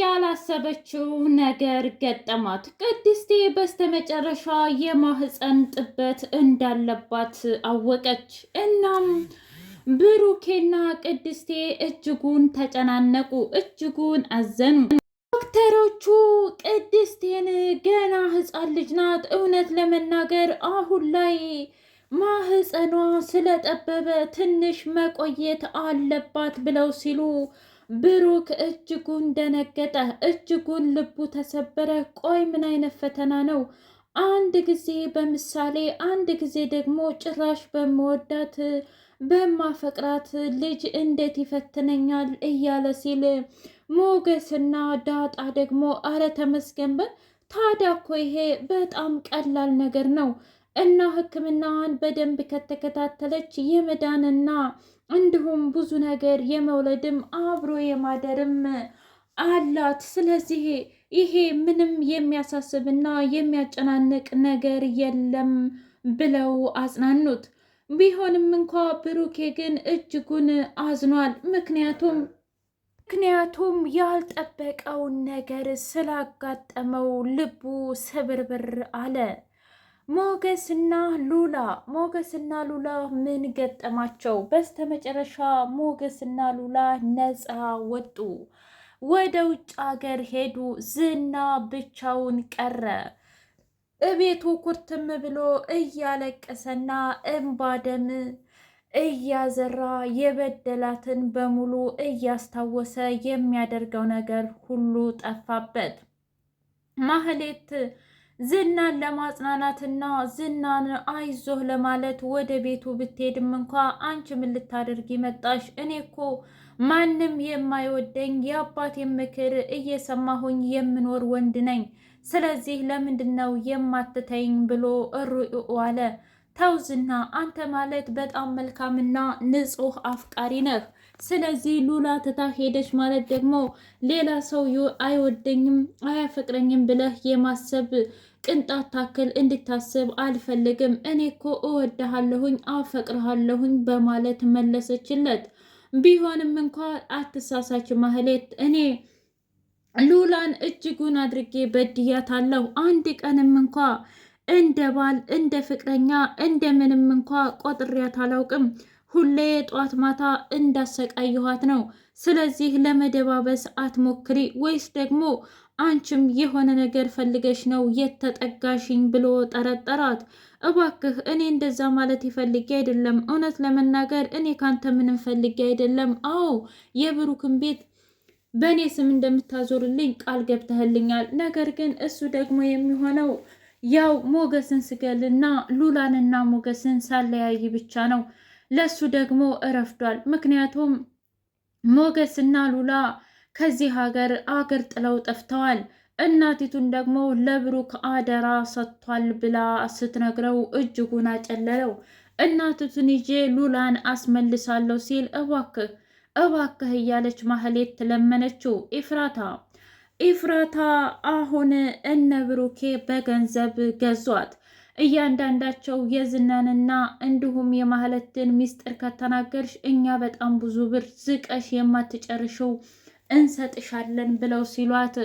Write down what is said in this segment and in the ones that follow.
ያላሰበችው ነገር ገጠማት። ቅድስቴ በስተመጨረሻ የማህፀን ጥበት እንዳለባት አወቀች። እናም ብሩኬና ቅድስቴ እጅጉን ተጨናነቁ፣ እጅጉን አዘኑ። ዶክተሮቹ ቅድስቴን ገና ህፃን ልጅ ናት፣ እውነት ለመናገር አሁን ላይ ማህፀኗ ስለጠበበ ትንሽ መቆየት አለባት ብለው ሲሉ ብሩክ እጅጉን ደነገጠ፣ እጅጉን ልቡ ተሰበረ። ቆይ ምን አይነት ፈተና ነው? አንድ ጊዜ በምሳሌ አንድ ጊዜ ደግሞ ጭራሽ በመወዳት በማፈቅራት ልጅ እንዴት ይፈትነኛል? እያለ ሲል ሞገስና ዳጣ ደግሞ አረ ተመስገን በል ታዲያ እኮ ይሄ በጣም ቀላል ነገር ነው እና ሕክምናዋን በደንብ ከተከታተለች የመዳንና እንዲሁም ብዙ ነገር የመውለድም አብሮ የማደርም አላት። ስለዚህ ይሄ ምንም የሚያሳስብና የሚያጨናንቅ ነገር የለም ብለው አጽናኑት። ቢሆንም እንኳ ብሩኬ ግን እጅጉን አዝኗል። ምክንያቱም ምክንያቱም ያልጠበቀውን ነገር ስላጋጠመው ልቡ ስብርብር አለ። ሞገስና ሉላ ሞገስና ሉላ ምን ገጠማቸው? በስተመጨረሻ ሞገስና ሉላ ነፃ ወጡ። ወደ ውጭ ሀገር ሄዱ። ዝና ብቻውን ቀረ። እቤቱ ኩርትም ብሎ እያለቀሰና እምባ ደም እያዘራ የበደላትን በሙሉ እያስታወሰ የሚያደርገው ነገር ሁሉ ጠፋበት። ማህሌት ዝናን ለማጽናናትና ዝናን አይዞህ ለማለት ወደ ቤቱ ብትሄድም እንኳ አንቺ ምን ልታደርጊ መጣሽ? እኔ እኮ ማንም የማይወደኝ የአባቴ ምክር እየሰማሁኝ የምኖር ወንድ ነኝ። ስለዚህ ለምንድን ነው የማትተይኝ? ብሎ እሩ አለ። ተው ዝና፣ አንተ ማለት በጣም መልካምና ንጹህ አፍቃሪ ነህ። ስለዚህ ሉላ ትታ ሄደች ማለት ደግሞ ሌላ ሰው አይወደኝም አያፈቅረኝም ብለህ የማሰብ ቅንጣት ታክል እንድታስብ አልፈልግም። እኔ እኮ እወድሃለሁኝ፣ አፈቅርሃለሁኝ በማለት መለሰችለት። ቢሆንም እንኳ አትሳሳች ማህሌት፣ እኔ ሉላን እጅጉን አድርጌ በድያታለሁ። አንድ ቀንም እንኳ እንደ ባል እንደ ፍቅረኛ እንደ ምንም እንኳ ቆጥሬያት አላውቅም። ሁሌ ጧት ማታ እንዳሰቃየኋት ነው። ስለዚህ ለመደባበስ አትሞክሪ፣ ወይስ ደግሞ አንቺም የሆነ ነገር ፈልገሽ ነው የተጠጋሽኝ ብሎ ጠረጠራት። እባክህ እኔ እንደዛ ማለት ይፈልጌ አይደለም። እውነት ለመናገር እኔ ካንተ ምንም ፈልጌ አይደለም። አዎ የብሩክን ቤት በእኔ ስም እንደምታዞርልኝ ቃል ገብተህልኛል። ነገር ግን እሱ ደግሞ የሚሆነው ያው ሞገስን ስገልና ሉላንና ሞገስን ሳለያይ ብቻ ነው። ለሱ ደግሞ እረፍዷል። ምክንያቱም ሞገስና ሉላ ከዚህ ሀገር አገር ጥለው ጠፍተዋል። እናቲቱን ደግሞ ለብሩክ አደራ ሰጥቷል ብላ ስትነግረው እጅጉን አጨለለው። እናቲቱን ይዤ ሉላን አስመልሳለሁ ሲል እባክህ እባክህ እያለች ማህሌት ለመነችው። ኢፍራታ ኢፍራታ አሁን እነ ብሩኬ በገንዘብ ገዟት። እያንዳንዳቸው የዝናንና እንዲሁም የማህሌትን ሚስጥር ከተናገርሽ እኛ በጣም ብዙ ብር ዝቀሽ የማትጨርሽው እንሰጥሻለን ብለው ሲሏት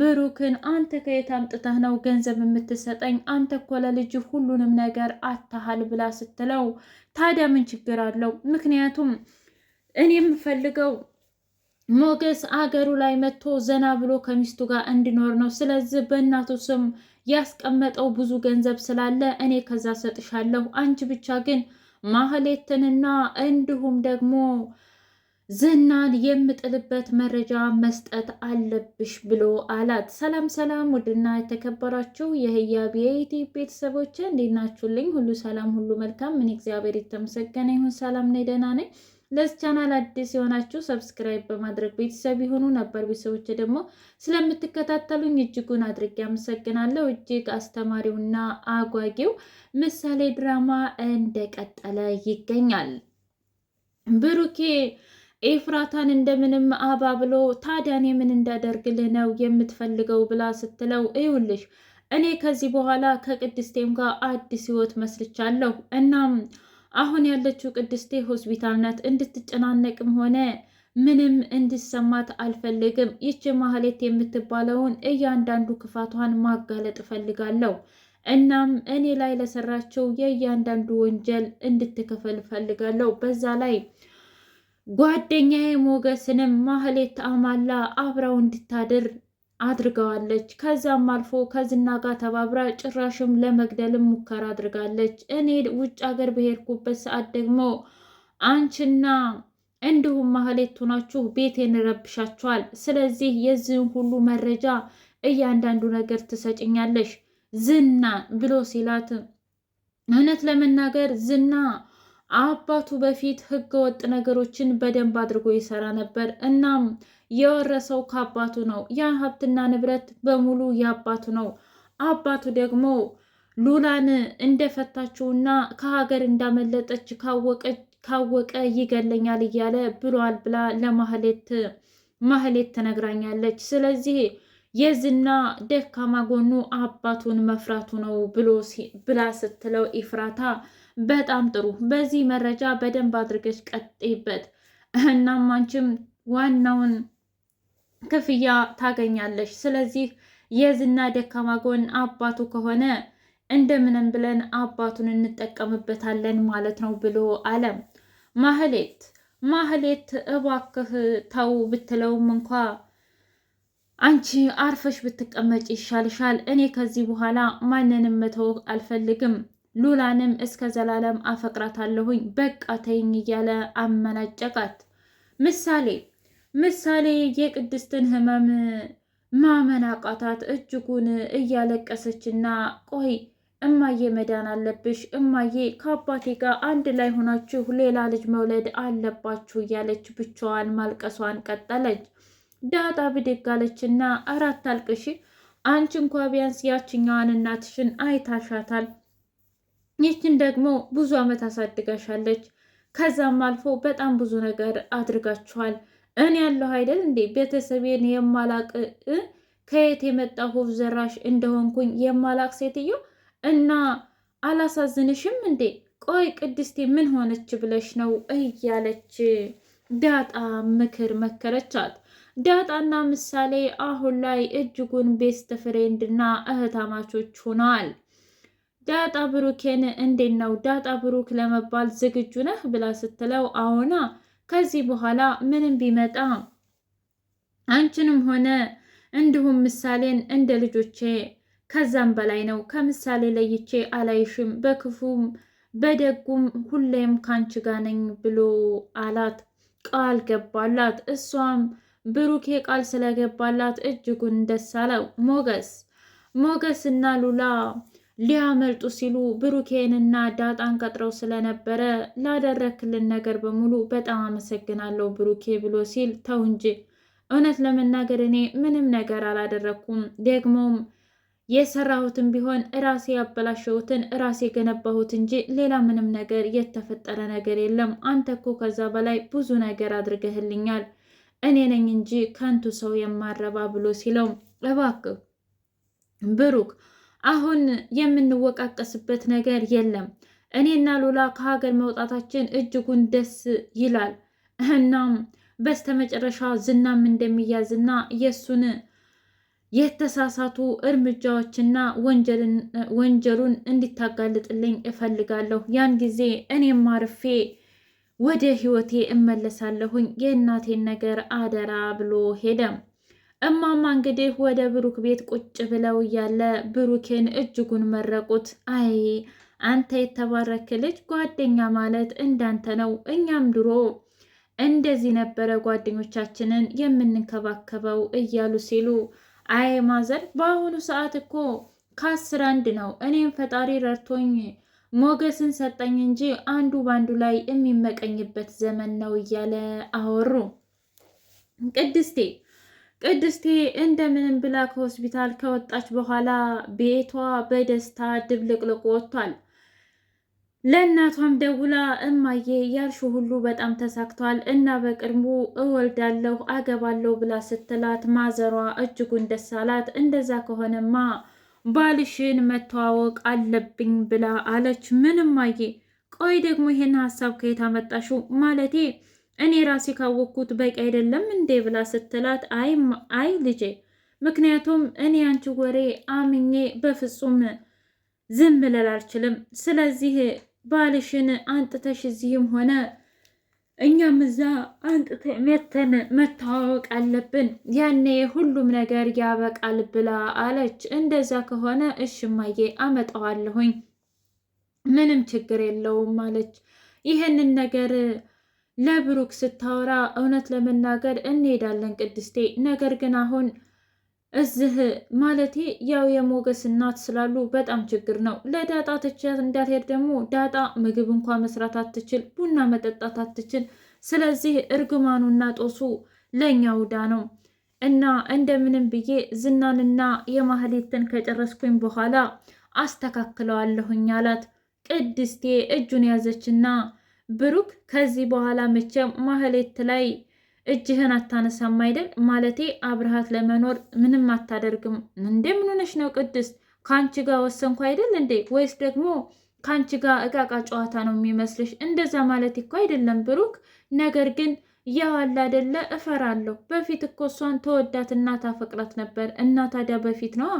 ብሩክን አንተ ከየት አምጥተህ ነው ገንዘብ የምትሰጠኝ? አንተ እኮ ለልጅ ሁሉንም ነገር አታሃል ብላ ስትለው ታዲያ ምን ችግር አለው? ምክንያቱም እኔ የምፈልገው ሞገስ አገሩ ላይ መጥቶ ዘና ብሎ ከሚስቱ ጋር እንዲኖር ነው። ስለዚህ በእናቱ ስም ያስቀመጠው ብዙ ገንዘብ ስላለ እኔ ከዛ ሰጥሻለሁ። አንቺ ብቻ ግን ማህሌትንና እንዲሁም ደግሞ ዝናን የምጥልበት መረጃ መስጠት አለብሽ ብሎ አላት። ሰላም ሰላም! ውድና የተከበራችሁ የህያብ የኢቲ ቤተሰቦች እንዴናችሁልኝ? ሁሉ ሰላም፣ ሁሉ መልካም። ምን እግዚአብሔር የተመሰገነ ይሁን። ሰላም ነኝ፣ ደህና ነኝ። ለዚህ ቻናል አዲስ የሆናችሁ ሰብስክራይብ በማድረግ ቤተሰብ የሆኑ ነበር። ቤተሰቦች ደግሞ ስለምትከታተሉኝ እጅጉን አድርጌ አመሰግናለሁ። እጅግ አስተማሪውና አጓጊው ምሳሌ ድራማ እንደቀጠለ ይገኛል። ብሩኬ ኤፍራታን እንደምንም አባ ብሎ ታዲያ እኔ ምን እንዳደርግልህ ነው የምትፈልገው ብላ ስትለው እዩልሽ እኔ ከዚህ በኋላ ከቅድስቴም ጋር አዲስ ህይወት መስልቻለሁ። እናም አሁን ያለችው ቅድስቴ ሆስፒታል ናት። እንድትጨናነቅም ሆነ ምንም እንድሰማት አልፈልግም። ይች ማህሌት የምትባለውን እያንዳንዱ ክፋቷን ማጋለጥ እፈልጋለሁ። እናም እኔ ላይ ለሰራቸው የእያንዳንዱ ወንጀል እንድትከፍል እፈልጋለሁ። በዛ ላይ ጓደኛዬ ሞገስንም ማህሌት አማላ አብራው እንድታድር አድርገዋለች። ከዛም አልፎ ከዝና ጋር ተባብራ ጭራሽም ለመግደልም ሙከራ አድርጋለች። እኔ ውጭ ሀገር በሄድኩበት ሰዓት ደግሞ አንቺና እንዲሁም ማህሌት ሆናችሁ ቤቴን ረብሻችኋል። ስለዚህ የዚህን ሁሉ መረጃ እያንዳንዱ ነገር ትሰጭኛለሽ ዝና ብሎ ሲላት እውነት ለመናገር ዝና አባቱ በፊት ህገወጥ ነገሮችን በደንብ አድርጎ ይሰራ ነበር። እናም የወረሰው ከአባቱ ነው። ያ ሀብትና ንብረት በሙሉ የአባቱ ነው። አባቱ ደግሞ ሉላን እንደፈታችውና ከሀገር እንዳመለጠች ካወቀ ይገለኛል እያለ ብሏል ብላ ለማህሌት ማህሌት ትነግራኛለች። ስለዚህ የዝና ደካማ ጎኑ አባቱን መፍራቱ ነው ብሎ ብላ ስትለው ኢፍራታ በጣም ጥሩ። በዚህ መረጃ በደንብ አድርገሽ ቀጥይበት። እናም አንቺም ዋናውን ክፍያ ታገኛለሽ። ስለዚህ የዝና ደካማ ጎን አባቱ ከሆነ እንደምንም ብለን አባቱን እንጠቀምበታለን ማለት ነው ብሎ አለ ማህሌት ማህሌት እባክህ ተው ብትለውም እንኳ አንቺ አርፈሽ ብትቀመጭ ይሻልሻል። እኔ ከዚህ በኋላ ማንንም መተው አልፈልግም። ሉላንም እስከ ዘላለም አፈቅራታለሁኝ በቃ ተይኝ እያለ አመናጨቃት። ምሳሌ ምሳሌ የቅድስትን ህመም ማመን አቃታት እጅጉን እያለቀሰችና ቆይ እማዬ መዳን አለብሽ እማዬ ከአባቴ ጋር አንድ ላይ ሆናችሁ ሌላ ልጅ መውለድ አለባችሁ እያለች ብቻዋን ማልቀሷን ቀጠለች። ዳጣ ብድግ አለችና እራት ታልቅሽ አንቺ እንኳ ቢያንስ ያችኛዋን እናትሽን አይታሻታል ይችን ደግሞ ብዙ ዓመት አሳድጋሻለች። ከዛም አልፎ በጣም ብዙ ነገር አድርጋችኋል። እኔ ያለሁ አይደል እንዴ ቤተሰቤን የማላቅ ከየት የመጣ ሆፍ ዘራሽ እንደሆንኩኝ የማላቅ ሴትዮ እና አላሳዝንሽም እንዴ? ቆይ ቅድስቴ ምን ሆነች ብለሽ ነው እያለች ዳጣ ምክር መከረቻት። ዳጣና ምሳሌ አሁን ላይ እጅጉን ቤስት ፍሬንድና እህታማቾች ሆነዋል። ዳጣ ብሩኬን እንዴት ነው ዳጣ ብሩክ ለመባል ዝግጁ ነህ ብላ ስትለው አዎና ከዚህ በኋላ ምንም ቢመጣ አንቺንም ሆነ እንዲሁም ምሳሌን እንደ ልጆቼ ከዛም በላይ ነው ከምሳሌ ለይቼ አላይሽም በክፉም በደጉም ሁሌም ካንቺ ጋ ነኝ ብሎ አላት ቃል ገባላት እሷም ብሩኬ ቃል ስለገባላት እጅጉን ደስ አለው ሞገስ ሞገስ እና ሉላ ሊያመልጡ ሲሉ ብሩኬንና ዳጣን ቀጥረው ስለነበረ ላደረክልን ነገር በሙሉ በጣም አመሰግናለሁ ብሩኬ ብሎ ሲል ተው እንጂ እውነት ለመናገር እኔ ምንም ነገር አላደረኩም። ደግሞም የሰራሁትን ቢሆን እራሴ ያበላሸሁትን እራሴ የገነባሁት እንጂ ሌላ ምንም ነገር የተፈጠረ ነገር የለም። አንተ እኮ ከዛ በላይ ብዙ ነገር አድርገህልኛል። እኔ ነኝ እንጂ ከንቱ ሰው የማረባ ብሎ ሲለው እባክህ ብሩክ አሁን የምንወቃቀስበት ነገር የለም። እኔና ሉላ ከሀገር መውጣታችን እጅጉን ደስ ይላል። እናም በስተመጨረሻ ዝናም እንደሚያዝና የእሱን የተሳሳቱ እርምጃዎችና ወንጀሉን እንዲታጋልጥልኝ እፈልጋለሁ። ያን ጊዜ እኔም አርፌ ወደ ህይወቴ እመለሳለሁኝ። የእናቴን ነገር አደራ ብሎ ሄደ። እማማ እንግዲህ ወደ ብሩክ ቤት ቁጭ ብለው እያለ ብሩኬን እጅጉን መረቁት። አይ አንተ የተባረክ ልጅ፣ ጓደኛ ማለት እንዳንተ ነው። እኛም ድሮ እንደዚህ ነበረ ጓደኞቻችንን የምንከባከበው እያሉ ሲሉ፣ አይ ማዘር፣ በአሁኑ ሰዓት እኮ ከአስር አንድ ነው። እኔም ፈጣሪ ረድቶኝ ሞገስን ሰጠኝ እንጂ አንዱ በአንዱ ላይ የሚመቀኝበት ዘመን ነው እያለ አወሩ ቅድስቴ ቅድስቴ እንደምንም ብላ ከሆስፒታል ከወጣች በኋላ ቤቷ በደስታ ድብልቅልቅ ወጥቷል። ለእናቷም ደውላ እማዬ ያልሽው ሁሉ በጣም ተሳክቷል እና በቅድሙ እወልዳለሁ አገባለሁ ብላ ስትላት ማዘሯ እጅጉን ደስ አላት። እንደዛ ከሆነማ ባልሽን መተዋወቅ አለብኝ ብላ አለች። ምንም አየ ቆይ ደግሞ ይሄን ሀሳብ ከየት አመጣሽው? ማለቴ እኔ ራሴ ካወቅኩት በቂ አይደለም እንዴ ብላ ስትላት፣ አይ አይ ልጄ፣ ምክንያቱም እኔ አንቺ ወሬ አምኜ በፍጹም ዝም ልል አልችልም። ስለዚህ ባልሽን አንጥተሽ እዚህም ሆነ እኛም እዛ አንጥተ መተን መተዋወቅ አለብን፣ ያኔ ሁሉም ነገር ያበቃል ብላ አለች። እንደዛ ከሆነ እሽማዬ አመጣዋለሁኝ፣ ምንም ችግር የለውም አለች። ይህንን ነገር ለብሩክ ስታወራ እውነት ለመናገር እንሄዳለን ቅድስቴ፣ ነገር ግን አሁን እዚህ ማለቴ ያው የሞገስ እናት ስላሉ በጣም ችግር ነው። ለዳጣ ትችት እንዳትሄድ ደግሞ ዳጣ ምግብ እንኳ መስራት አትችል፣ ቡና መጠጣት አትችል። ስለዚህ እርግማኑና ጦሱ ለእኛ ውዳ ነው እና እንደምንም ብዬ ዝናንና የማህሌትን ከጨረስኩኝ በኋላ አስተካክለዋለሁኝ አላት። ቅድስቴ እጁን ያዘችና ብሩክ ከዚህ በኋላ መቼም ማህሌት ላይ እጅህን አታነሳም አይደል? ማለቴ አብርሃት ለመኖር ምንም አታደርግም እንዴ? ምን ሆነሽ ነው ቅድስት? ከአንቺ ጋር ወሰንኩ አይደል እንዴ? ወይስ ደግሞ ከአንቺ ጋር እቃቃ ጨዋታ ነው የሚመስልሽ? እንደዛ ማለት እኮ አይደለም ብሩክ። ነገር ግን ያው አለ አይደለ? እፈራለሁ። በፊት እኮ እሷን ተወዳት ታፈቅራት ነበር እና ታዲያ በፊት ነዋ።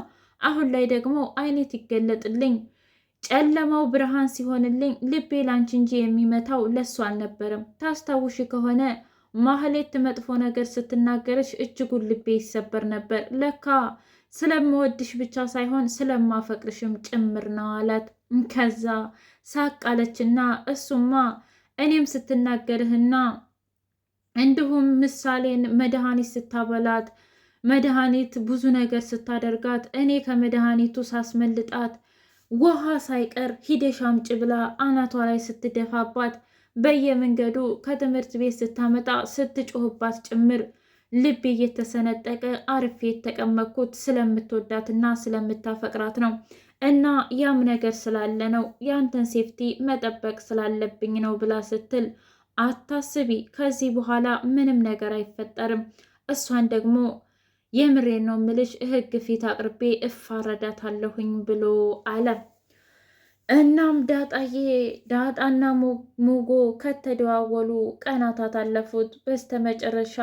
አሁን ላይ ደግሞ አይነት ይገለጥልኝ ጨለማው ብርሃን ሲሆንልኝ ልቤ ላንቺ እንጂ የሚመታው ለሱ አልነበረም። ታስታውሽ ከሆነ ማህሌት መጥፎ ነገር ስትናገርሽ እጅጉን ልቤ ይሰበር ነበር። ለካ ስለምወድሽ ብቻ ሳይሆን ስለማፈቅርሽም ጭምር ነው አላት። ከዛ ሳቃለችና እሱማ እኔም ስትናገርህና እንዲሁም ምሳሌን መድኃኒት ስታበላት መድኃኒት ብዙ ነገር ስታደርጋት እኔ ከመድኃኒቱ ሳስመልጣት ውሃ ሳይቀር ሂደሽ አምጪ ብላ አናቷ ላይ ስትደፋባት በየመንገዱ ከትምህርት ቤት ስታመጣ ስትጮህባት ጭምር ልቤ እየተሰነጠቀ አርፌ የተቀመጥኩት ስለምትወዳትና ስለምታፈቅራት ነው እና ያም ነገር ስላለ ነው ያንተን ሴፍቲ መጠበቅ ስላለብኝ ነው ብላ ስትል፣ አታስቢ፣ ከዚህ በኋላ ምንም ነገር አይፈጠርም። እሷን ደግሞ የምሬ ነው ምልሽ ህግ ፊት አቅርቤ እፋረዳታለሁኝ ብሎ አለ። እናም ዳጣዬ ዳጣና ሙጎ ከተደዋወሉ ቀናታት አለፉት። በስተመጨረሻ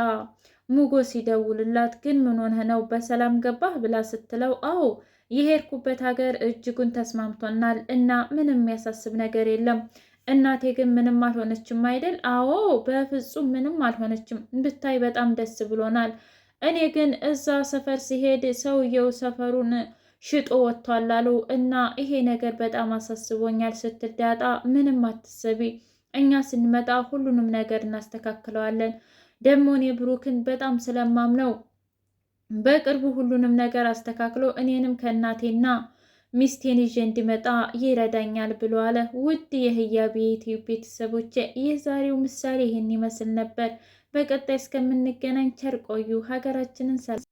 ሙጎ ሲደውልላት ግን ምን ሆነህ ነው በሰላም ገባህ ብላ ስትለው አዎ የሄድኩበት ሀገር እጅጉን ተስማምቶናል እና ምንም የሚያሳስብ ነገር የለም። እናቴ ግን ምንም አልሆነችም አይደል? አዎ በፍጹም ምንም አልሆነችም። ብታይ በጣም ደስ ብሎናል። እኔ ግን እዛ ሰፈር ሲሄድ ሰውየው ሰፈሩን ሽጦ ወጥቷል አሉ እና ይሄ ነገር በጣም አሳስቦኛል ስትል ዳጣ ምንም አትሰቢ፣ እኛ ስንመጣ ሁሉንም ነገር እናስተካክለዋለን። ደግሞ እኔ ብሩክን በጣም ስለማምነው በቅርቡ ሁሉንም ነገር አስተካክሎ እኔንም ከእናቴና ሚስቴን ይዤ እንዲመጣ ይረዳኛል ብሎ አለ። ውድ የህያብ የኢትዮ ቤተሰቦች የዛሬው ምሳሌ ይህን ይመስል ነበር። በቀጣይ እስከምንገናኝ ቸር ቆዩ። ሀገራችንን ሰላም